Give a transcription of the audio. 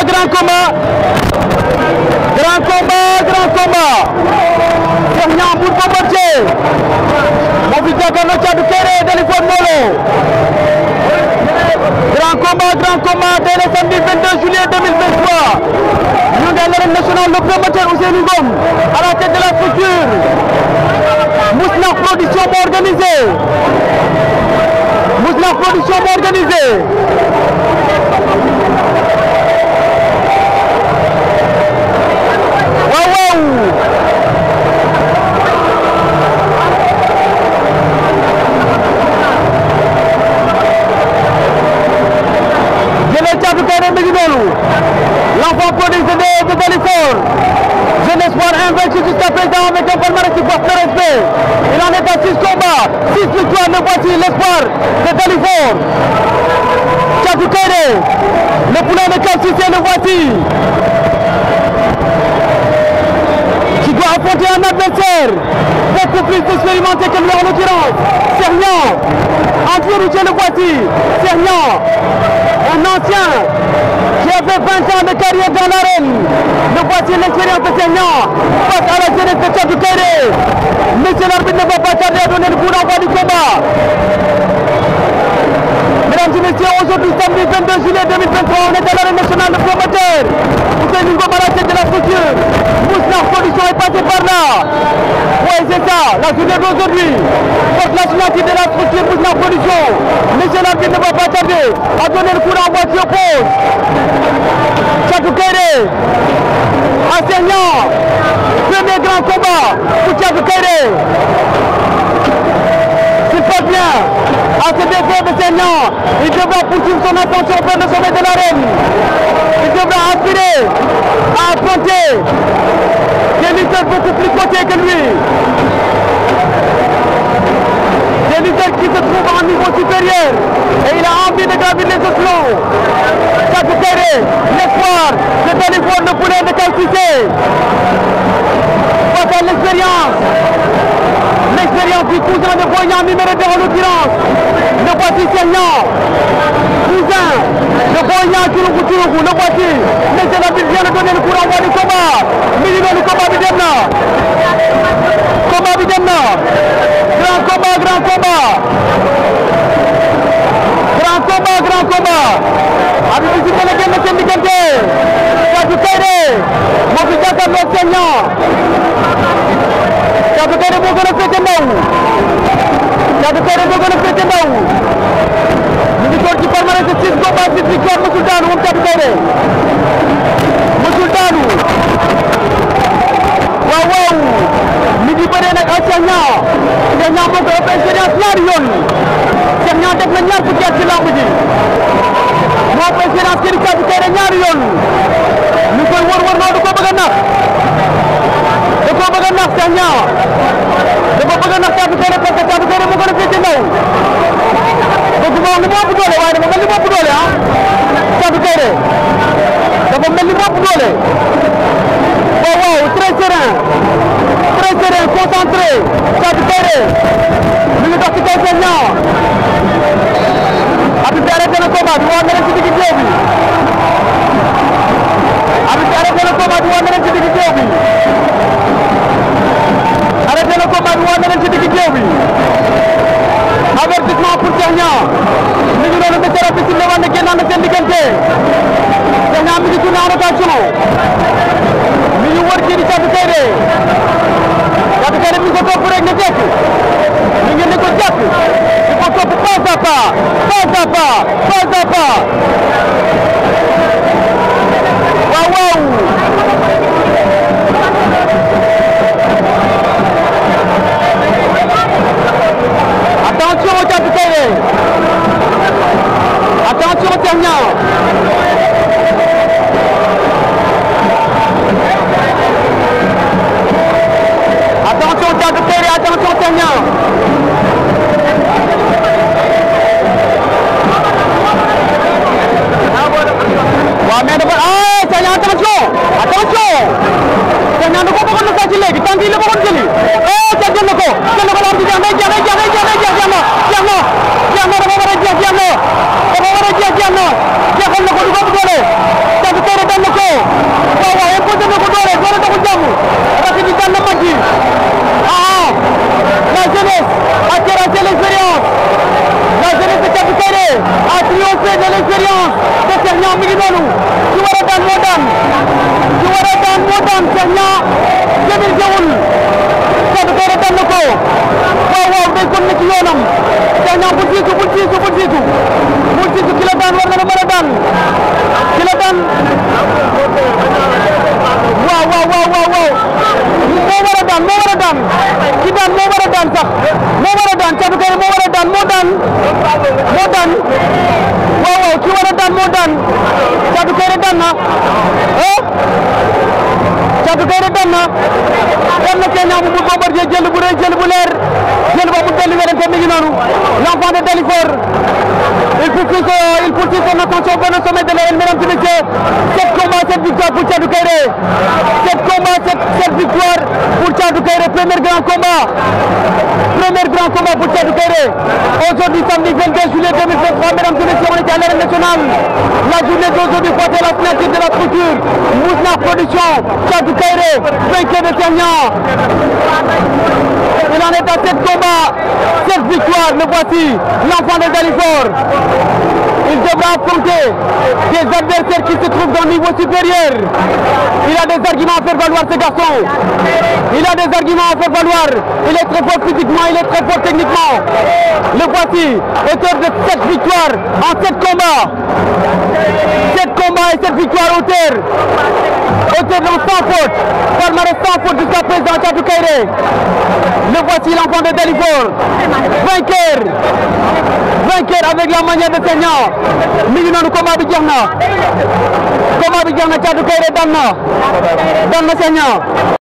combat grand combat grand combat grand combat Cheikh Niang Mbour Bombardier moo fi jàkkaarloo Thiatou Kairé Deliphone Molo grand combat grand combat tey le samedi 22 juillet 2023 à la tête de la structure Mousnakh Production moo organisé Mousnakh Production moo organisé L'enfant prodige de, de Balissor, jeune espoir invaincu jusqu'à présent avec un palmarès qui porte le respect. Il en est à 6 combats, 6 victoires, le voici, l'espoir de Balissor. Kadoukere, le poulain de Kalsissé, le voici. Qui doit affronter un adversaire beaucoup plus expérimenté que lui en l'occurrence. Sernian, André Rougier, le voici. Sernian, un ancien fait 20 ans de carrière dans l'arène. Le voici l'expérience de Seignan face à la jeunesse de Tchadou Kéré. Monsieur l'arbitre ne va pas tarder à donner le coup d'envoi du combat. Mesdames et messieurs, aujourd'hui samedi 22 juillet 2023, on est à l'arène nationale de promoteur. Vous êtes nouveau à la tête de la structure. Mousnard Solution est passé par là. Oui, c'est ça, la journée d'aujourd'hui. Porte la signature de la structure Mousnard Solution. Monsieur l'arbitre ne va pas tarder à donner le coup d'envoi sur pause. Thiatou Kairé enseignant premier grand combat pour Thiatou Kairé s'il passe bien à ce défaut de ses noms il devra poursuivre son ascension vers le sommet de l'arène il devra aspirer à affronter des lutteurs beaucoup plus potés que lui supérieur et il a envie de gravir les échelons. Sadio Kéré, l'espoir, c'est un effort poulet de qualité. Face à l'expérience, l'expérience du cousin de Boyan numéroté en l'occurrence, de Boiti Seigneur, cousin de Boyan Tourougou Tourougou, le Boiti, mais c'est la ville vient le courant, on le combat, mais il va le combat, Kairé moo gën a féete ndaw ñu ngi toll ci palmarès de six combats six victoires mësul daanu moom Thiatou Kairé mësul daanu waaw waaw mi ngi bëree nag ak Cheikh Niang Cheikh Niang moo ko ëpp expérience ñaari yoon Cheikh Niang def na ñaar fukki at ci lamb ji moo ëpp expérience kii di Thiatou Kairé ñaari yoon mi koy war war noonu ko bëgg a moo doole waaye dafa mel doole ah Thiatou Kairé dafa mel doole waaw oh, waaw très serein très serein mi ngi dox ci kaw seen ñaaw at bi arrêté na combat bi waa nga en rotation mi ngi wër kii di Thiatou mi ngi ko topp rek na tekk mi ngi ne ko jàpp di ko topp pas à pas pas à pas pas à pas waaw waaw attention Thiatou Kairé attention Thiatou Niang mi ngi noonu ki a daan moo daan ki war a daan moo daan Cheikh Niang daan na ko waaw waaw day kon na ci yoonam Cheikh Niang bu jiitu bu jiitu bu jiitu bu jiitu daan war na la daan ki daan waaw waaw waaw moo war a daan moo war a daan ki moo war a daan sax moo war a daan moo daan moo daan dem oh. na ah Caatu Gaindé dem na dem na Kenya bu Bombardier jël bu rëy bu leer jël boobu dellu werante mi ngi noonu l'enfant de Dalifort il poursuit il poursuit son ascension vers le sommet de la mesdames et messieurs sept combats sept victoires pour Caatu Gaindé sept combats sept victoires pour premier grand combat célébrer aujourd'hui samedi 22 juillet 2023, mesdames et messieurs, on est à l'arène nationale. La journée d'aujourd'hui porte la signature de la structure Mousnar Production, Tchadou Kairé, vainqueur de Ternian. Il en est à 7 combats, 7 victoires, le voici, l'enfant des Alifort. Il devra affronter des adversaires qui se trouvent d'un niveau supérieur. a des arguments à faire valoir ce garçon. Il a des arguments à faire valoir. Il est très fort physiquement, il est très fort techniquement. Le voici, auteur de 7 victoires en 7 combats. 7 combats et 7 victoires hauteur. Hauteur dans sans faute. Palmarès sans jusqu'à présent, Tchadou Le voici, l'enfant de Delivore. Vainqueur. Vainqueur avec la manière de Seigneur. combat bi jeex na Thiatou Kairé daan na daan na Senior